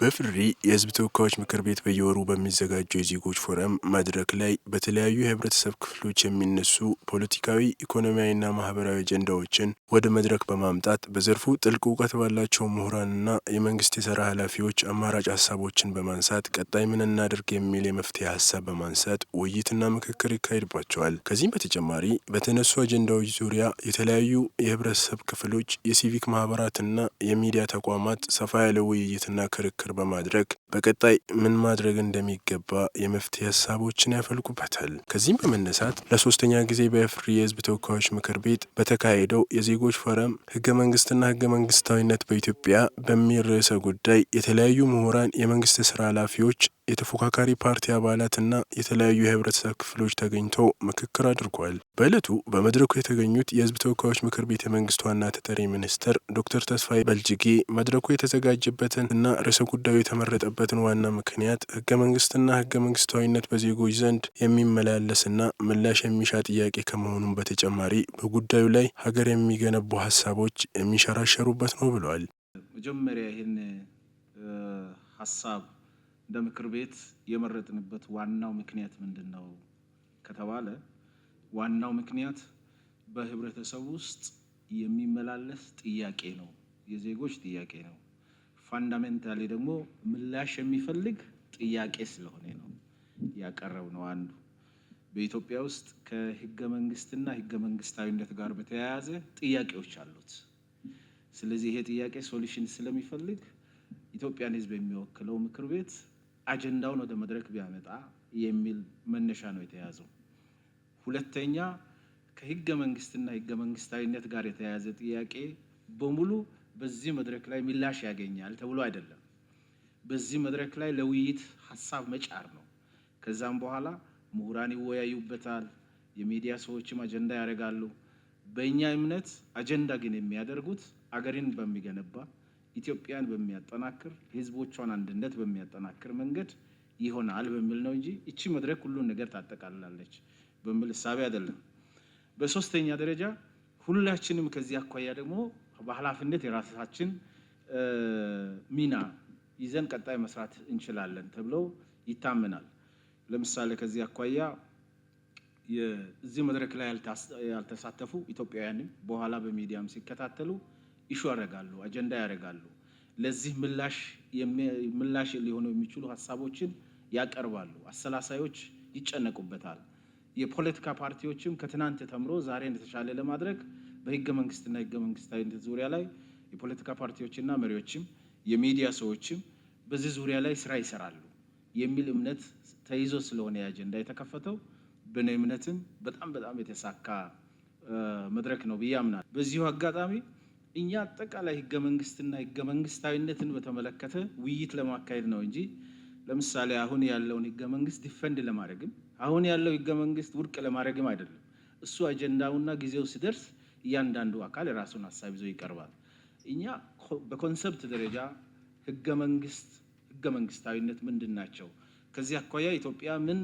በፍሪ የህዝብ ተወካዮች ምክር ቤት በየወሩ በሚዘጋጀው የዜጎች ፎረም መድረክ ላይ በተለያዩ የህብረተሰብ ክፍሎች የሚነሱ ፖለቲካዊ፣ ኢኮኖሚያዊና ማህበራዊ አጀንዳዎችን ወደ መድረክ በማምጣት በዘርፉ ጥልቅ እውቀት ባላቸው ምሁራንና የመንግስት የስራ ኃላፊዎች አማራጭ ሀሳቦችን በማንሳት ቀጣይ ምን እናድርግ የሚል የመፍትሄ ሀሳብ በማንሳት ውይይትና ምክክር ይካሄድባቸዋል። ከዚህም በተጨማሪ በተነሱ አጀንዳዎች ዙሪያ የተለያዩ የህብረተሰብ ክፍሎች፣ የሲቪክ ማህበራትና የሚዲያ ተቋማት ሰፋ ያለ ውይይትና ክርክር ምክክር በማድረግ በቀጣይ ምን ማድረግ እንደሚገባ የመፍትሄ ሀሳቦችን ያፈልቁበታል። ከዚህም በመነሳት ለሶስተኛ ጊዜ በፍሪ የህዝብ ተወካዮች ምክር ቤት በተካሄደው የዜጎች ፎረም ህገ መንግስትና ህገ መንግስታዊነት በኢትዮጵያ በሚል ርዕሰ ጉዳይ የተለያዩ ምሁራን፣ የመንግስት ስራ ኃላፊዎች፣ የተፎካካሪ ፓርቲ አባላት እና የተለያዩ የህብረተሰብ ክፍሎች ተገኝተው ምክክር አድርጓል። በዕለቱ በመድረኩ የተገኙት የህዝብ ተወካዮች ምክር ቤት የመንግስት ዋና ተጠሪ ሚኒስትር ዶክተር ተስፋዬ በልጅጌ መድረኩ የተዘጋጀበትን እና ርዕሰ ጉዳዩ የተመረጠበትን ዋና ምክንያት ህገ መንግስትና ህገ መንግስታዊነት በዜጎች ዘንድ የሚመላለስና ምላሽ የሚሻ ጥያቄ ከመሆኑም በተጨማሪ በጉዳዩ ላይ ሀገር የሚገነቡ ሀሳቦች የሚንሸራሸሩበት ነው ብለዋል። መጀመሪያ ይህን ሀሳብ ለምክር ቤት የመረጥንበት ዋናው ምክንያት ምንድን ነው ከተባለ ዋናው ምክንያት በህብረተሰብ ውስጥ የሚመላለስ ጥያቄ ነው፣ የዜጎች ጥያቄ ነው። ፋንዳሜንታሊ ደግሞ ምላሽ የሚፈልግ ጥያቄ ስለሆነ ነው ያቀረብ ነው። አንዱ በኢትዮጵያ ውስጥ ከህገ መንግስትና ህገ መንግስታዊነት ጋር በተያያዘ ጥያቄዎች አሉት። ስለዚህ ይሄ ጥያቄ ሶሉሽን ስለሚፈልግ ኢትዮጵያን ህዝብ የሚወክለው ምክር ቤት አጀንዳውን ወደ መድረክ ቢያመጣ የሚል መነሻ ነው የተያዘው። ሁለተኛ ከህገ መንግስትና ህገ መንግስታዊነት ጋር የተያያዘ ጥያቄ በሙሉ በዚህ መድረክ ላይ ምላሽ ያገኛል ተብሎ አይደለም። በዚህ መድረክ ላይ ለውይይት ሀሳብ መጫር ነው። ከዛም በኋላ ምሁራን ይወያዩበታል፣ የሚዲያ ሰዎችም አጀንዳ ያደርጋሉ። በእኛ እምነት አጀንዳ ግን የሚያደርጉት አገሪን በሚገነባ ኢትዮጵያን በሚያጠናክር የህዝቦቿን አንድነት በሚያጠናክር መንገድ ይሆናል በሚል ነው እንጂ እቺ መድረክ ሁሉን ነገር ታጠቃልላለች በሚል እሳቤ አይደለም። በሶስተኛ ደረጃ ሁላችንም ከዚህ አኳያ ደግሞ በኃላፊነት የራሳችን ሚና ይዘን ቀጣይ መስራት እንችላለን ተብለው ይታመናል። ለምሳሌ ከዚህ አኳያ እዚህ መድረክ ላይ ያልተሳተፉ ኢትዮጵያውያንም በኋላ በሚዲያም ሲከታተሉ ኢሹ ያደርጋሉ፣ አጀንዳ ያደርጋሉ። ለዚህ ምላሽ ሊሆኑ የሚችሉ ሀሳቦችን ያቀርባሉ። አሰላሳዮች ይጨነቁበታል። የፖለቲካ ፓርቲዎችም ከትናንት ተምሮ ዛሬ እንደተሻለ ለማድረግ በህገ መንግስትና ህገ መንግስታዊነት ዙሪያ ላይ የፖለቲካ ፓርቲዎችና መሪዎችም የሚዲያ ሰዎችም በዚህ ዙሪያ ላይ ስራ ይሰራሉ የሚል እምነት ተይዞ ስለሆነ የአጀንዳ የተከፈተው በእኔ እምነትም በጣም በጣም የተሳካ መድረክ ነው ብዬ አምናለሁ። በዚሁ አጋጣሚ እኛ አጠቃላይ ህገ መንግስትና ህገ መንግስታዊነትን በተመለከተ ውይይት ለማካሄድ ነው እንጂ ለምሳሌ አሁን ያለውን ህገ መንግስት ዲፈንድ ለማድረግም አሁን ያለው ህገ መንግስት ውድቅ ለማድረግም አይደለም። እሱ አጀንዳውና ጊዜው ሲደርስ እያንዳንዱ አካል የራሱን ሀሳብ ይዞ ይቀርባል። እኛ በኮንሰፕት ደረጃ ህገ መንግስት ህገ መንግስታዊነት ምንድን ናቸው? ከዚህ አኳያ ኢትዮጵያ ምን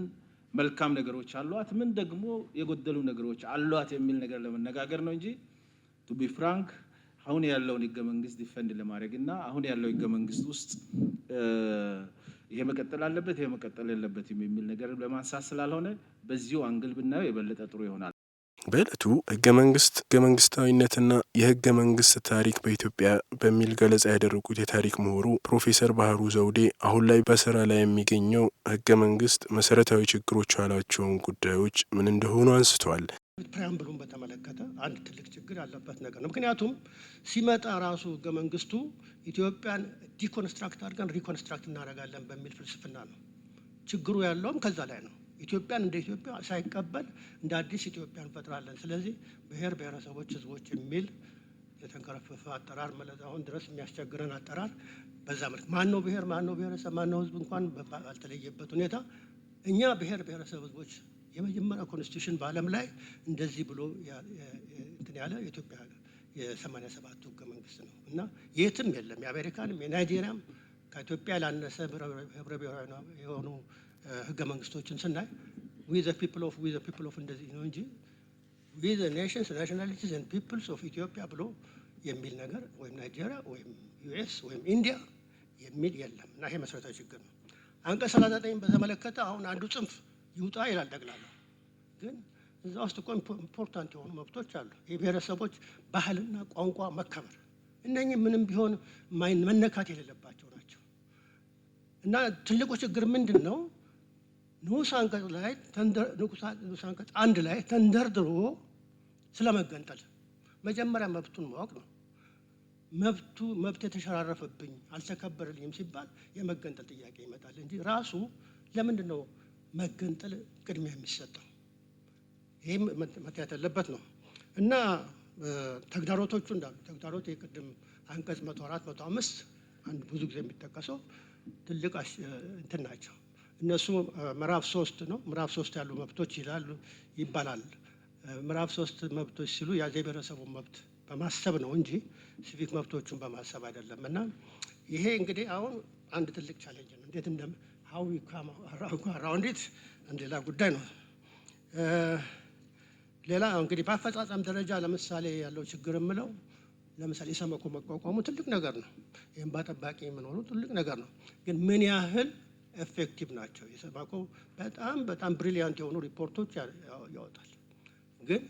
መልካም ነገሮች አሏት፣ ምን ደግሞ የጎደሉ ነገሮች አሏት የሚል ነገር ለመነጋገር ነው እንጂ ቱ ቢ ፍራንክ አሁን ያለውን ህገ መንግስት ዲፈንድ ለማድረግ እና አሁን ያለው ህገ መንግስት ውስጥ ይሄ መቀጠል አለበት ይሄ መቀጠል የለበትም የሚል ነገር ለማንሳት ስላልሆነ በዚሁ አንግል ብናየው የበለጠ ጥሩ ይሆናል። በእለቱ ህገ መንግስት ህገ መንግስታዊነትና የህገ መንግስት ታሪክ በኢትዮጵያ በሚል ገለጻ ያደረጉት የታሪክ ምሁሩ ፕሮፌሰር ባህሩ ዘውዴ አሁን ላይ በስራ ላይ የሚገኘው ህገ መንግስት መሰረታዊ ችግሮች ያሏቸውን ጉዳዮች ምን እንደሆኑ አንስተዋል። ፕሪያምብሉን በተመለከተ አንድ ትልቅ ችግር ያለበት ነገር ነው። ምክንያቱም ሲመጣ ራሱ ህገ መንግስቱ ኢትዮጵያን ዲኮንስትራክት አድርገን ሪኮንስትራክት እናደርጋለን በሚል ፍልስፍና ነው። ችግሩ ያለውም ከዛ ላይ ነው። ኢትዮጵያን እንደ ኢትዮጵያ ሳይቀበል እንደ አዲስ ኢትዮጵያ እንፈጥራለን። ስለዚህ ብሔር ብሔረሰቦች፣ ህዝቦች የሚል የተንከረፈፈ አጠራር መለስ አሁን ድረስ የሚያስቸግረን አጠራር በዛ መልክ ነው ብሔር ነው ብሔረሰብ ነው ህዝብ እንኳን ባልተለየበት ሁኔታ እኛ ብሔር ብሔረሰብ ህዝቦች የመጀመሪያ ኮንስቲቱሽን በዓለም ላይ እንደዚህ ብሎ እንትን ያለ የኢትዮጵያ የሰማንያ ሰባቱ ህገ መንግስት ነው እና የትም የለም የአሜሪካንም የናይጄሪያም ከኢትዮጵያ ላነሰ ህብረ ብሔራዊ የሆኑ ህገ መንግስቶችን ስናይ ዊ ዘ ፒፕል ኦፍ ዊ ዘ ፒፕል ኦፍ እንደዚህ ነው እንጂ ዊ ዘ ኔሽንስ ናሽናሊቲስ ን ፒፕልስ ኦፍ ኢትዮጵያ ብሎ የሚል ነገር ወይም ናይጄሪያ ወይም ዩኤስ ወይም ኢንዲያ የሚል የለም እና ይሄ መሰረታዊ ችግር ነው። አንቀጽ 39 በተመለከተ አሁን አንዱ ጽንፍ ይውጣ ይላል ጠቅላላ። ግን እዛ ውስጥ እኮ ኢምፖርታንት የሆኑ መብቶች አሉ። የብሔረሰቦች ባህልና ቋንቋ መከበር፣ እነኚህ ምንም ቢሆን መነካት የሌለባቸው ናቸው እና ትልቁ ችግር ምንድን ነው? ንዑስ አንቀጽ ላይ ንዑስ አንቀጽ አንድ ላይ ተንደርድሮ ስለመገንጠል መጀመሪያ መብቱን ማወቅ ነው። መብቱ መብት የተሸራረፈብኝ አልተከበረልኝም ሲባል የመገንጠል ጥያቄ ይመጣል እንጂ ራሱ ለምንድን ነው መገንጠል ቅድሚያ የሚሰጠው ይህም መታየት ያለበት ነው እና ተግዳሮቶቹ እንዳሉ ተግዳሮት የቅድም አንቀጽ መቶ አራት መቶ አምስት አንድ ብዙ ጊዜ የሚጠቀሰው ትልቅ እንትን ናቸው። እነሱ ምዕራፍ ሶስት ነው። ምዕራፍ ሶስት ያሉ መብቶች ይላሉ ይባላል። ምዕራፍ ሶስት መብቶች ሲሉ ያዜ ብሔረሰቡን መብት በማሰብ ነው እንጂ ሲቪክ መብቶቹን በማሰብ አይደለም። እና ይሄ እንግዲህ አሁን አንድ ትልቅ ቻሌንጅ ነው እንዴት ሀው አራውንዲት ሌላ ጉዳይ ነው። ሌላ እንግዲህ በአፈጻጸም ደረጃ ለምሳሌ ያለው ችግር የምለው ለምሳሌ ኢሰመኮ መቋቋሙ ትልቅ ነገር ነው። ይህም በጠባቂ የምንሆኑ ትልቅ ነገር ነው። ግን ምን ያህል ኤፌክቲቭ ናቸው? ኢሰመኮ በጣም በጣም ብሪሊያንት የሆኑ ሪፖርቶች ያወጣል። ግን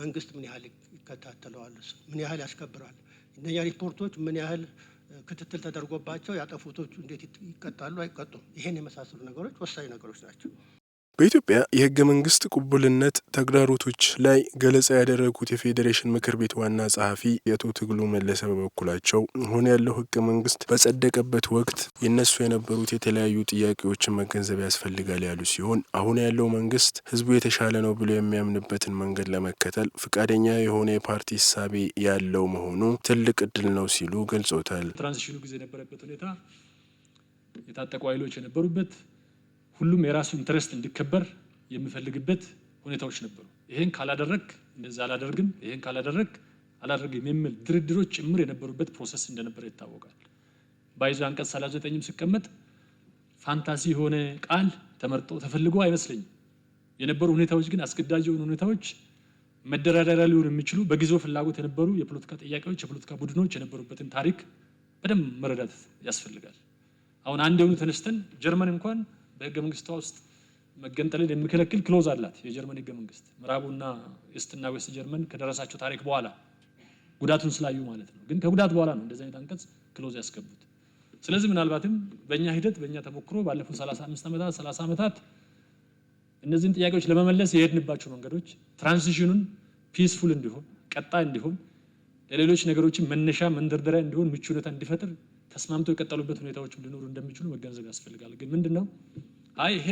መንግስት ምን ያህል ይከታተለዋል? ምን ያህል ያስከብራል? እነኛ ሪፖርቶች ምን ያህል ክትትል ተደርጎባቸው ያጠፉቶቹ እንዴት ይቀጣሉ አይቀጡም? ይሄን የመሳሰሉ ነገሮች ወሳኝ ነገሮች ናቸው። በኢትዮጵያ የህገ መንግስት ቅቡልነት ተግዳሮቶች ላይ ገለጻ ያደረጉት የፌዴሬሽን ምክር ቤት ዋና ጸሐፊ የአቶ ትግሉ መለሰ በበኩላቸው ሆነ ያለው ህገ መንግስት በጸደቀበት ወቅት የነሱ የነበሩት የተለያዩ ጥያቄዎችን መገንዘብ ያስፈልጋል ያሉ ሲሆን አሁን ያለው መንግስት ህዝቡ የተሻለ ነው ብሎ የሚያምንበትን መንገድ ለመከተል ፈቃደኛ የሆነ የፓርቲ እሳቤ ያለው መሆኑ ትልቅ እድል ነው ሲሉ ገልጾታል። ትራንዚሽኑ ጊዜ የነበረበት ሁኔታ የታጠቁ ኃይሎች የነበሩበት ሁሉም የራሱ ኢንትረስት እንዲከበር የሚፈልግበት ሁኔታዎች ነበሩ። ይሄን ካላደረግ እንደዛ አላደርግም፣ ይሄን ካላደረግ አላደርግም የሚል ድርድሮች ጭምር የነበሩበት ፕሮሰስ እንደነበረ ይታወቃል። ባይዞ አንቀጽ 39 ሲቀመጥ ፋንታሲ የሆነ ቃል ተመርጦ ተፈልጎ አይመስለኝም። የነበሩ ሁኔታዎች ግን አስገዳጅ የሆኑ ሁኔታዎች መደራደሪያ ሊሆኑ የሚችሉ በጊዜው ፍላጎት የነበሩ የፖለቲካ ጥያቄዎች፣ የፖለቲካ ቡድኖች የነበሩበትን ታሪክ በደንብ መረዳት ያስፈልጋል። አሁን አንድ የሆኑ ተነስተን ጀርመን እንኳን በህገ መንግስቷ ውስጥ መገንጠልን የሚከለክል ክሎዝ አላት የጀርመን ህገ መንግስት። ምዕራቡና ኢስትና ዌስት ጀርመን ከደረሳቸው ታሪክ በኋላ ጉዳቱን ስላዩ ማለት ነው። ግን ከጉዳት በኋላ ነው እንደዚህ አይነት አንቀጽ ክሎዝ ያስገቡት። ስለዚህ ምናልባትም በእኛ ሂደት በእኛ ተሞክሮ ባለፉት 35 ዓመታት 30 ዓመታት እነዚህን ጥያቄዎች ለመመለስ የሄድንባቸው መንገዶች ትራንዚሽኑን ፒስፉል እንዲሆን ቀጣይ እንዲሆን ለሌሎች ነገሮችን መነሻ መንደርደሪያ እንዲሆን ምቹ ሁኔታ እንዲፈጥር ተስማምተው የቀጠሉበት ሁኔታዎች ሊኖሩ እንደሚችሉ መገንዘብ ያስፈልጋል። ግን ምንድን ነው አይ ይሄ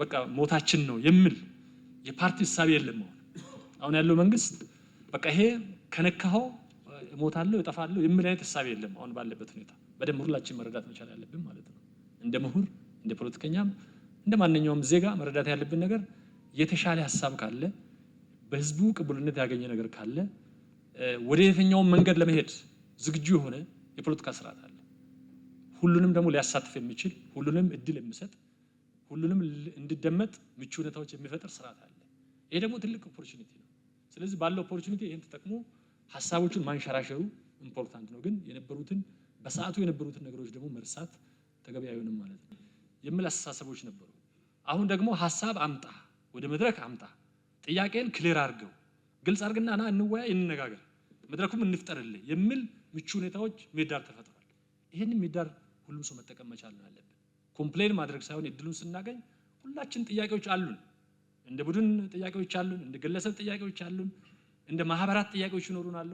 በቃ ሞታችን ነው የሚል የፓርቲ እሳቤ የለም። አሁን አሁን ያለው መንግስት በቃ ይሄ ከነካኸው እሞታለሁ እጠፋለሁ የሚል አይነት እሳቤ የለም። አሁን ባለበት ሁኔታ በደንብ ሁላችን መረዳት መቻል ያለብን ማለት ነው። እንደ ምሁር፣ እንደ ፖለቲከኛም፣ እንደ ማንኛውም ዜጋ መረዳት ያለብን ነገር የተሻለ ሀሳብ ካለ በህዝቡ ቅቡልነት ያገኘ ነገር ካለ ወደ የትኛውን መንገድ ለመሄድ ዝግጁ የሆነ የፖለቲካ ስርዓት አለ። ሁሉንም ደግሞ ሊያሳትፍ የሚችል ሁሉንም እድል የሚሰጥ ሁሉንም እንዲደመጥ ምቹ ሁኔታዎች የሚፈጥር ስርዓት አለ። ይሄ ደግሞ ትልቅ ኦፖርቹኒቲ ነው። ስለዚህ ባለው ኦፖርቹኒቲ ይህን ተጠቅሞ ሀሳቦቹን ማንሸራሸሩ ኢምፖርታንት ነው። ግን የነበሩትን በሰዓቱ የነበሩትን ነገሮች ደግሞ መርሳት ተገቢ አይሆንም ማለት ነው የሚል አስተሳሰቦች ነበሩ። አሁን ደግሞ ሀሳብ አምጣ፣ ወደ መድረክ አምጣ፣ ጥያቄን ክሊር አድርገው ግልጽ አድርግና ና እንወያይ፣ እንነጋገር መድረኩም እንፍጠርልህ የሚል ምቹ ሁኔታዎች ምህዳር ተፈጥሯል። ይህንን ምህዳር ሁሉም ሰው መጠቀም መቻል ነው ያለብን። ኮምፕሌን ማድረግ ሳይሆን እድሉን ስናገኝ ሁላችን ጥያቄዎች አሉን። እንደ ቡድን ጥያቄዎች አሉን፣ እንደ ግለሰብ ጥያቄዎች አሉን፣ እንደ ማህበራት ጥያቄዎች ይኖሩናሉ።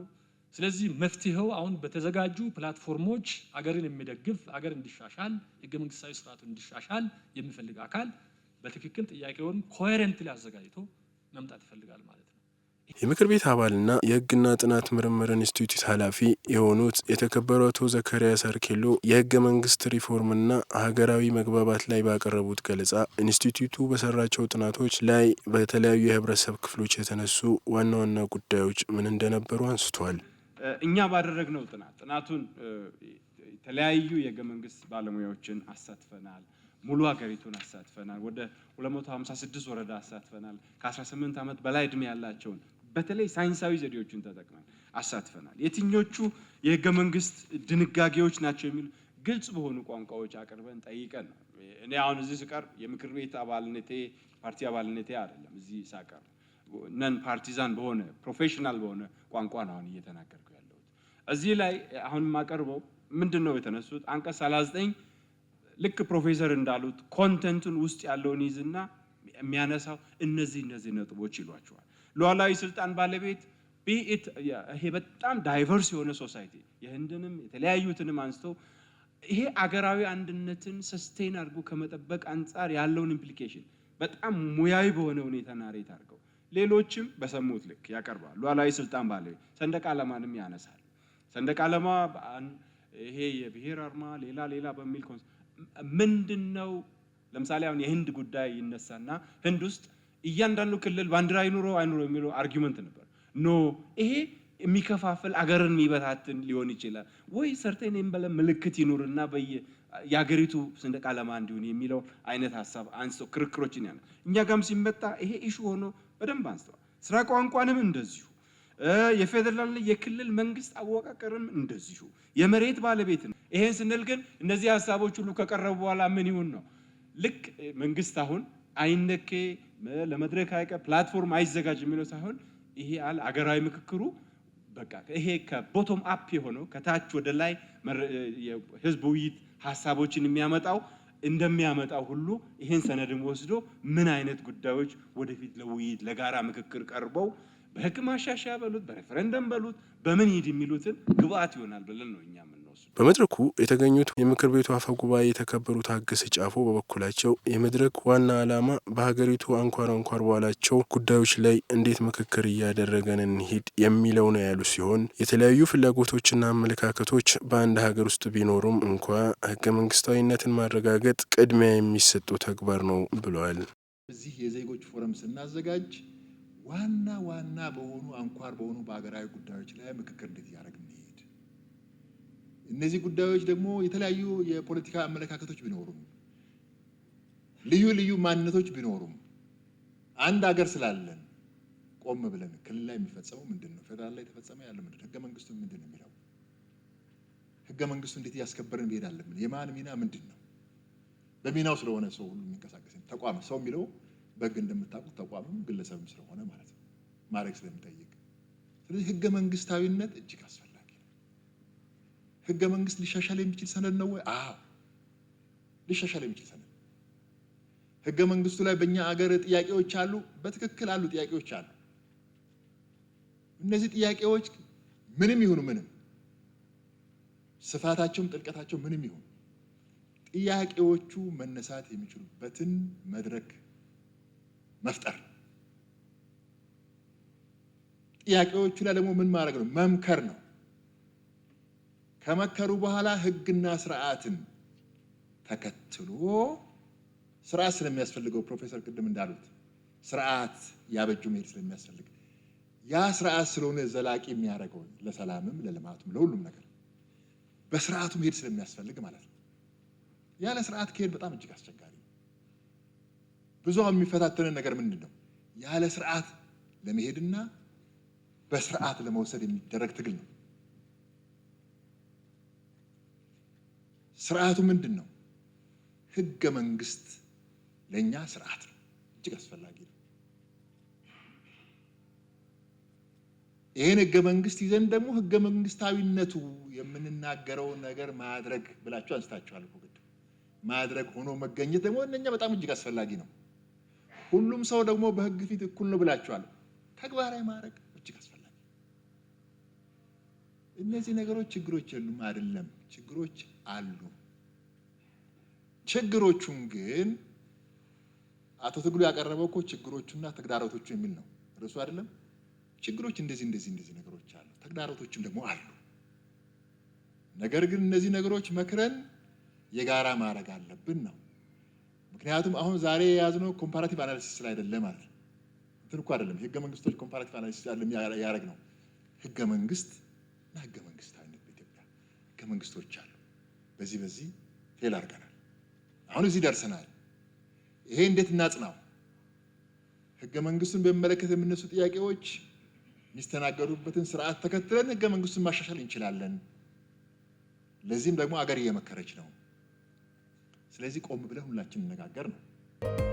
ስለዚህ መፍትሄው አሁን በተዘጋጁ ፕላትፎርሞች አገርን የሚደግፍ አገር እንዲሻሻል ህገ መንግስታዊ ስርዓቱ እንዲሻሻል የሚፈልግ አካል በትክክል ጥያቄውን ኮሄረንት ሊያዘጋጅቶ መምጣት ይፈልጋል ማለት ነው። የምክር ቤት አባልና የህግና ጥናት ምርምር ኢንስቲትዩት ኃላፊ የሆኑት የተከበሩ አቶ ዘከሪያስ አርኬሎ የህገ መንግስት ሪፎርምና ሀገራዊ መግባባት ላይ ባቀረቡት ገለጻ ኢንስቲትዩቱ በሰራቸው ጥናቶች ላይ በተለያዩ የህብረተሰብ ክፍሎች የተነሱ ዋና ዋና ጉዳዮች ምን እንደነበሩ አንስቷል። እኛ ባደረግነው ጥናት ጥናቱን የተለያዩ የህገ መንግስት ባለሙያዎችን አሳትፈናል። ሙሉ ሀገሪቱን አሳትፈናል። ወደ 256 ወረዳ አሳትፈናል። ከ18 ዓመት በላይ እድሜ ያላቸውን በተለይ ሳይንሳዊ ዘዴዎችን ተጠቅመን አሳትፈናል። የትኞቹ የህገ መንግስት ድንጋጌዎች ናቸው የሚሉ ግልጽ በሆኑ ቋንቋዎች አቅርበን ጠይቀን ነው። እኔ አሁን እዚህ ስቀርብ የምክር ቤት አባልነቴ ፓርቲ አባልነቴ አይደለም። እዚህ ሳቀር ነን ፓርቲዛን በሆነ ፕሮፌሽናል በሆነ ቋንቋ ነው አሁን እየተናገርኩ ያለሁት። እዚህ ላይ አሁን የማቀርበው ምንድን ነው የተነሱት አንቀጽ 39 ልክ ፕሮፌሰር እንዳሉት ኮንተንቱን ውስጥ ያለውን ይዝና የሚያነሳው እነዚህ እነዚህ ነጥቦች ይሏቸዋል። ሉዓላዊ ስልጣን ባለቤት ቢኢት ይሄ በጣም ዳይቨርስ የሆነ ሶሳይቲ የህንድንም የተለያዩትንም አንስቶ ይሄ አገራዊ አንድነትን ሰስቴን አድርጎ ከመጠበቅ አንጻር ያለውን ኢምፕሊኬሽን በጣም ሙያዊ በሆነ ሁኔታ ናሬት አድርገው ሌሎችም በሰሙት ልክ ያቀርባሉ። ሉዓላዊ ስልጣን ባለቤት ሰንደቅ ዓላማንም ያነሳል። ሰንደቅ ዓላማ ይሄ የብሔር አርማ ሌላ ሌላ በሚል ኮንስ ምንድን ነው? ለምሳሌ አሁን የህንድ ጉዳይ ይነሳና ህንድ ውስጥ እያንዳንዱ ክልል ባንዲራ ይኑሮ አይኑሮ የሚለው አርጊመንት ነበር። ኖ ይሄ የሚከፋፍል አገርን የሚበታትን ሊሆን ይችላል ወይ ሰርተን በለ ምልክት ይኑርና በየ የሀገሪቱ ሰንደቅ ዓላማ እንዲሆን የሚለው አይነት ሀሳብ አንስቶ ክርክሮችን ያ እኛ ጋም ሲመጣ ይሄ ኢሹ ሆኖ በደንብ አንስተዋል። ስራ ቋንቋንም እንደዚሁ የፌዴራል የክልል መንግስት አወቃቀርም እንደዚሁ የመሬት ባለቤት ነው። ይሄን ስንል ግን እነዚህ ሀሳቦች ሁሉ ከቀረቡ በኋላ ምን ይሁን ነው? ልክ መንግስት አሁን አይነኬ ለመድረክ አይቀ ፕላትፎርም አይዘጋጅ የሚለው ሳይሆን ይሄ አለ አገራዊ ምክክሩ በቃ ይሄ ከቦቶም አፕ የሆነው ከታች ወደ ላይ ህዝብ ውይይት ሀሳቦችን የሚያመጣው እንደሚያመጣው ሁሉ ይሄን ሰነድም ወስዶ ምን አይነት ጉዳዮች ወደፊት ለውይይት ለጋራ ምክክር ቀርበው በህግ ማሻሻያ በሉት በሬፈረንደም በሉት በምን ሂድ የሚሉትን ግብአት ይሆናል ብለን ነው እኛ በመድረኩ የተገኙት የምክር ቤቱ አፈ ጉባኤ የተከበሩት ታገሰ ጫፎ በበኩላቸው የመድረክ ዋና ዓላማ በሀገሪቱ አንኳር አንኳር ባላቸው ጉዳዮች ላይ እንዴት ምክክር እያደረገን እንሂድ የሚለው ነው ያሉ ሲሆን የተለያዩ ፍላጎቶችና አመለካከቶች በአንድ ሀገር ውስጥ ቢኖሩም እንኳ ህገ መንግስታዊነትን ማረጋገጥ ቅድሚያ የሚሰጡ ተግባር ነው ብለዋል። እዚህ የዜጎች ፎረም ስናዘጋጅ ዋና ዋና በሆኑ አንኳር በሆኑ በሀገራዊ ጉዳዮች ላይ ምክክር እንዴት እያደረግን እነዚህ ጉዳዮች ደግሞ የተለያዩ የፖለቲካ አመለካከቶች ቢኖሩም ልዩ ልዩ ማንነቶች ቢኖሩም አንድ ሀገር ስላለን ቆም ብለን ክልል ላይ የሚፈጸመው ምንድን ነው? ፌዴራል ላይ የተፈጸመ ያለ ምንድን ህገ መንግስቱ ምንድን ነው የሚለው ህገ መንግስቱ እንዴት እያስከበርን ብሄድ አለብን? የማን ሚና ምንድን ነው? በሚናው ስለሆነ ሰው ሁሉ የሚንቀሳቀስ ተቋም ሰው የሚለው በህግ እንደምታውቁት ተቋምም ግለሰብም ስለሆነ ማለት ነው ማድረግ ስለሚጠይቅ ስለዚህ ህገ መንግስታዊነት እጅግ አስፈላጊ ህገ መንግስት ሊሻሻል የሚችል ሰነድ ነው ወይ? አዎ ሊሻሻል የሚችል ሰነድ ህገ መንግስቱ ላይ በእኛ አገር ጥያቄዎች አሉ። በትክክል አሉ፣ ጥያቄዎች አሉ። እነዚህ ጥያቄዎች ምንም ይሁኑ ምንም፣ ስፋታቸውም ጥልቀታቸው ምንም ይሁን ጥያቄዎቹ መነሳት የሚችሉበትን መድረክ መፍጠር ጥያቄዎቹ ላይ ደግሞ ምን ማድረግ ነው? መምከር ነው። ከመከሩ በኋላ ህግና ስርዓትን ተከትሎ ስርዓት ስለሚያስፈልገው ፕሮፌሰር ቅድም እንዳሉት ስርዓት ያበጁ መሄድ ስለሚያስፈልግ ያ ስርዓት ስለሆነ ዘላቂ የሚያደርገው ለሰላምም፣ ለልማቱም፣ ለሁሉም ነገር በስርዓቱ መሄድ ስለሚያስፈልግ ማለት ነው። ያለ ስርዓት ከሄድ በጣም እጅግ አስቸጋሪ ነው። ብዙ የሚፈታተንን ነገር ምንድን ነው? ያለ ስርዓት ለመሄድና በስርዓት ለመውሰድ የሚደረግ ትግል ነው። ስርዓቱ ምንድን ነው? ህገ መንግስት ለእኛ ስርዓት ነው። እጅግ አስፈላጊ ነው። ይህን ህገ መንግስት ይዘን ደግሞ ህገ መንግስታዊነቱ የምንናገረውን ነገር ማድረግ ብላችሁ አንስታችኋል። ግድ ማድረግ ሆኖ መገኘት ደግሞ እነኛ በጣም እጅግ አስፈላጊ ነው። ሁሉም ሰው ደግሞ በህግ ፊት እኩል ነው ብላችኋል። ተግባራዊ ማድረግ እጅግ አስፈላጊ። እነዚህ ነገሮች ችግሮች የሉም አይደለም። ችግሮች አሉ። ችግሮቹን ግን አቶ ትግሉ ያቀረበው እኮ ችግሮቹና ተግዳሮቶቹ የሚል ነው ርዕሱ አይደለም። ችግሮች እንደዚህ እንደዚህ እንደዚህ ነገሮች አሉ፣ ተግዳሮቶችም ደግሞ አሉ። ነገር ግን እነዚህ ነገሮች መክረን የጋራ ማድረግ አለብን ነው። ምክንያቱም አሁን ዛሬ የያዝነው ኮምፓራቲቭ አናሊሲስ ላይ አይደለም ማለት እንትን እኮ አይደለም። ህገ መንግስቶች ኮምፓራቲቭ አናሊሲስ ያደርግ ነው ህገ መንግስት እና ህገ መንግስቶች አሉ። በዚህ በዚህ ፌል አድርገናል። አሁን እዚህ ደርሰናል። ይሄ እንዴት እናጽናው? ህገ መንግስቱን በሚመለከት የሚነሱ ጥያቄዎች የሚስተናገዱበትን ስርዓት ተከትለን ህገ መንግስቱን ማሻሻል እንችላለን። ለዚህም ደግሞ አገር እየመከረች ነው። ስለዚህ ቆም ብለን ሁላችን እንነጋገር ነው።